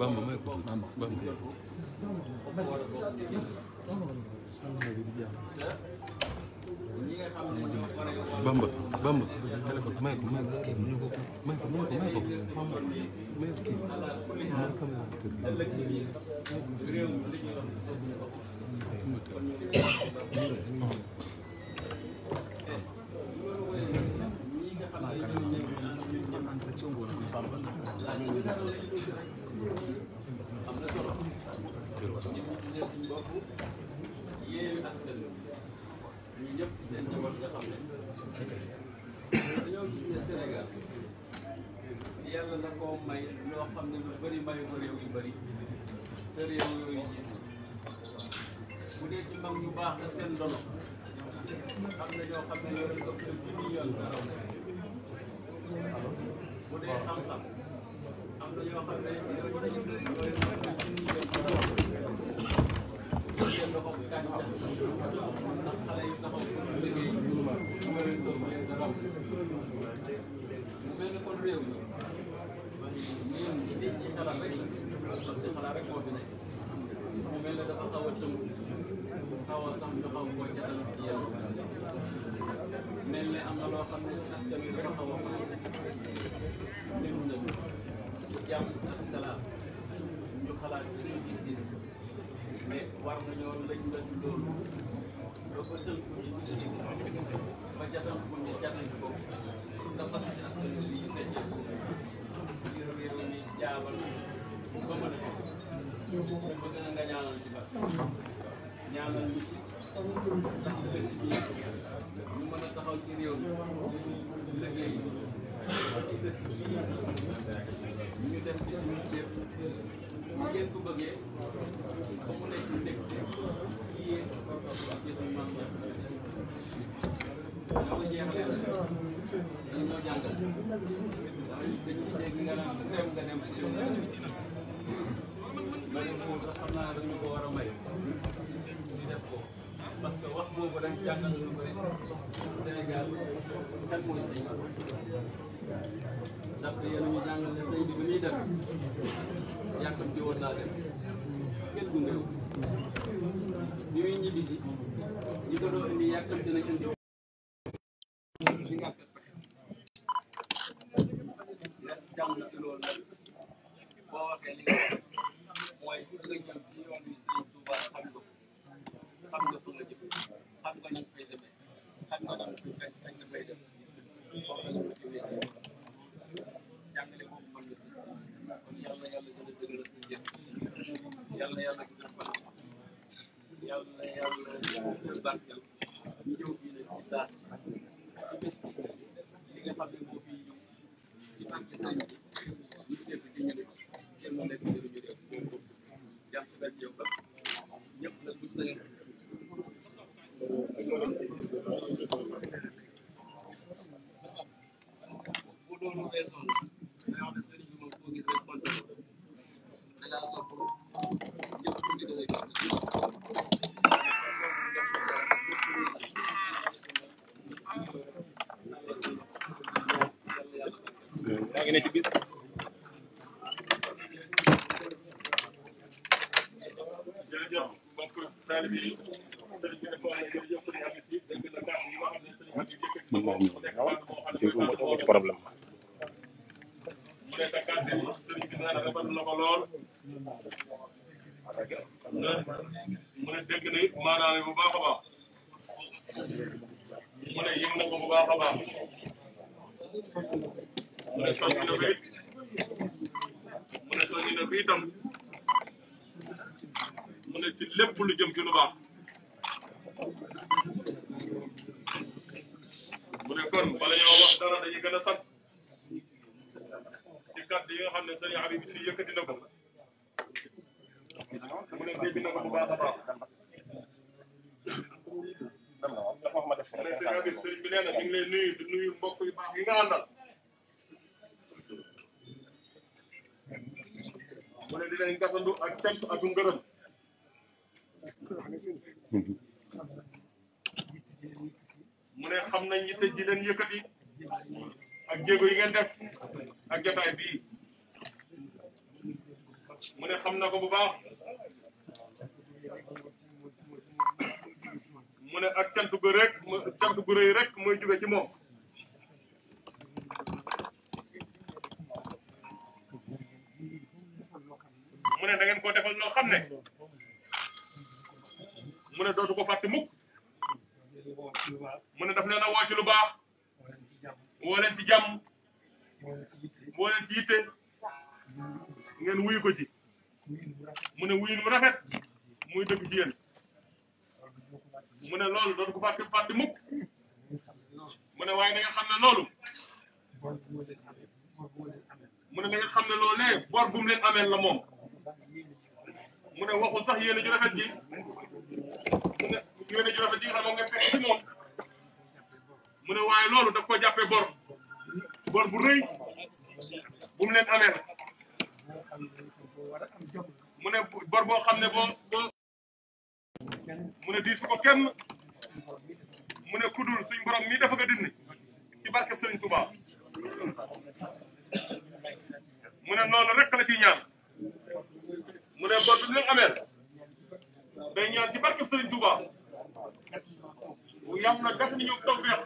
Bamba may ko tuuti Bamba. Bamba Bamba téléphone may ko may ko kii may ko may ko may ko may ko kii may ko may ko kii am na solo ñun ñu ne suñu bopp yeewu askan wi ñu ñëpp seen njaboot nga xam ne dañoo gis ne Sénégal yàlla na koo may loo xam ne lu bëri mayu ko réew yu bëri te réew yooyu jiitu bu dee ci mag baax ak seen ndono am na ñoo xam ne yore ëpp sa junni yoon bu dee xam-xam mel ne am na loo xam ne askan bi dafa xaw a fas jàmm ak salaam ñu xalaat suñu gis-gis mais war nañoo lañ lañ loolu dafa tënk ñu ci ba jatal ko ñu jatal ko dafa si askan bi ñu fekkee ko ngir réew mi jaabal ba mën a ko ñu bëgg na nga ñaanal ci ba ñaanal ñu ci ndax def ko suñu ñu def ko suñu ceeb bu ngeen ko bëggee ba mu nekk mbégte ci yéen ci suñu maam Cheikh Ibrahima. ko jeexalee dañ ñoo jàngal dañuy dégg nga naan dem nga dem ak yow nga ma ne moom sax xam naa dañu ko war a may ñu def ko. wax boobu rek jàngal lu bëri Sénégal kan mooy sëñ ndaxte yéen a ñu jàngale sëñ bi bu ñuy dem yàqam ci woon naa dem kenn gunge wu. bi muy ñi ko doon indi yàqam dina indi. jàng ci loolu maa ngi ne ci biir. jërëjëf mbokk taalibe yi sëriñ bi nekkoon na jërëjëf sëriñ Habib Sy dégg na kàddu yi nga xam ne sëriñ Habib yëkkati na ko nekk kàddu moo xam ne moo ci problème mu nekk kàddu yi sëriñ bi nee na rafetlu na ko lool mu ne dégg na it maanaam bu baax a baax mu ne yëg na ko bu baax a baax mu ne soññi na na bi mu ne ci lépp lu jëm ci lu baax mu ne kon bala ñoo wax dara dañuy gën a sant ci kàddu yi nga xam ne sëriñ Habib si yëkkati na ko mu ne dégg na ko bu baax a baax dafa wax ma def sëriñ bi nee na ñu ngi lay yu baax yi nga mu ne dinañ gàttandu ak cant ak ngërëm. mu ne xam nañ yitte ji leen yëkkati ak jéego yi ngen def ak jotaay bii mu ne xam na ko bu baax mu ne ak cant gu rek cant gu rek mooy jóge ci moom. mu ne da ngeen koo defal loo xam ne mu ne dootu ko fàtte mukk mu a daf leen a woo lu baax woo leen ci jàmm woo leen ci yitte ngeen wuyu ko ci mu ne wuyin mu rafet muy dëgg ci yéen mu ne loolu dootu ko fàtte fàtte mukk mu ne waaye xam ne loolu mu ne da xam ne loolee bor bu leen ameel la moom mu ne waxul sax yéene ju ji mu ne yéene ju rafet ji nga xam moom nga fekk waaye loolu daf ko jàppee bor bor bu rëy bu mu leen amee mu ne bor boo xam ne boo boo mu ne diisu ko kenn mu ne kudul suñ borom mi dafa ko dindi ci barke Serigne Touba mu ne loolu rek la ciy ñaan. mu ne bor bi ñu leen ameel ñaan ci barke Serigne Touba bu yam yàlla def nañu tawfeex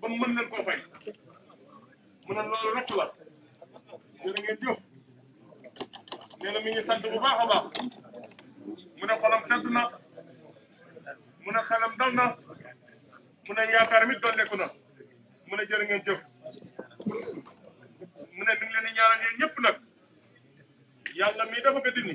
ba mën na ko fay mu ne loolu rek la jërë ngeen jox nee la mi ngi sant bu baax baax mu ne xolam sedd na mu ne xelam dal na mu ne yaakaar mi dolleeku na mu ne jërë ngeen jëf mu ne mi ngi leen ñaanal yéen ñëpp nag yàlla mi dafa ko dindi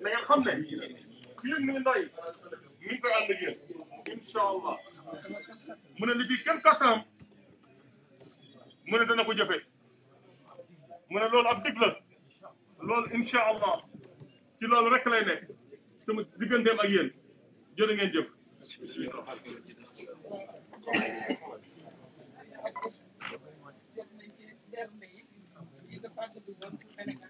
na ngeen xam ne fii ak nii Nday mi ngi koy ànd ak yéen incha allah mu ne li ci kenn kàttanam mu ne dana ko jëfe mu ne loolu ab dig la loolu incha allah ci loolu rek lay nekk sama digganteem ak yéen jërë ngeen jëf. Thank you.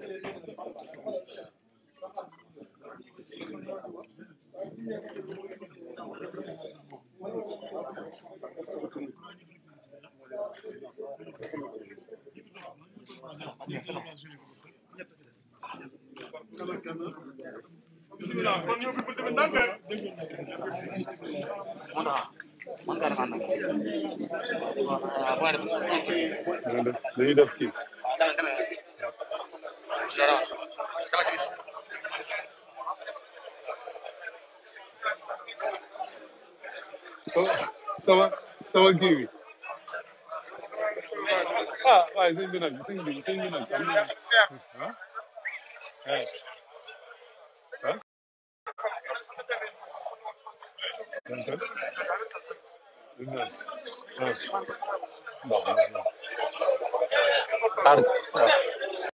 கொஞ்சம் இப்படி So, someone, someone give me. Ah, ah, sing the sing the sing the Huh? hey. đúng Winter. Yes. No, no, no. Hard. No.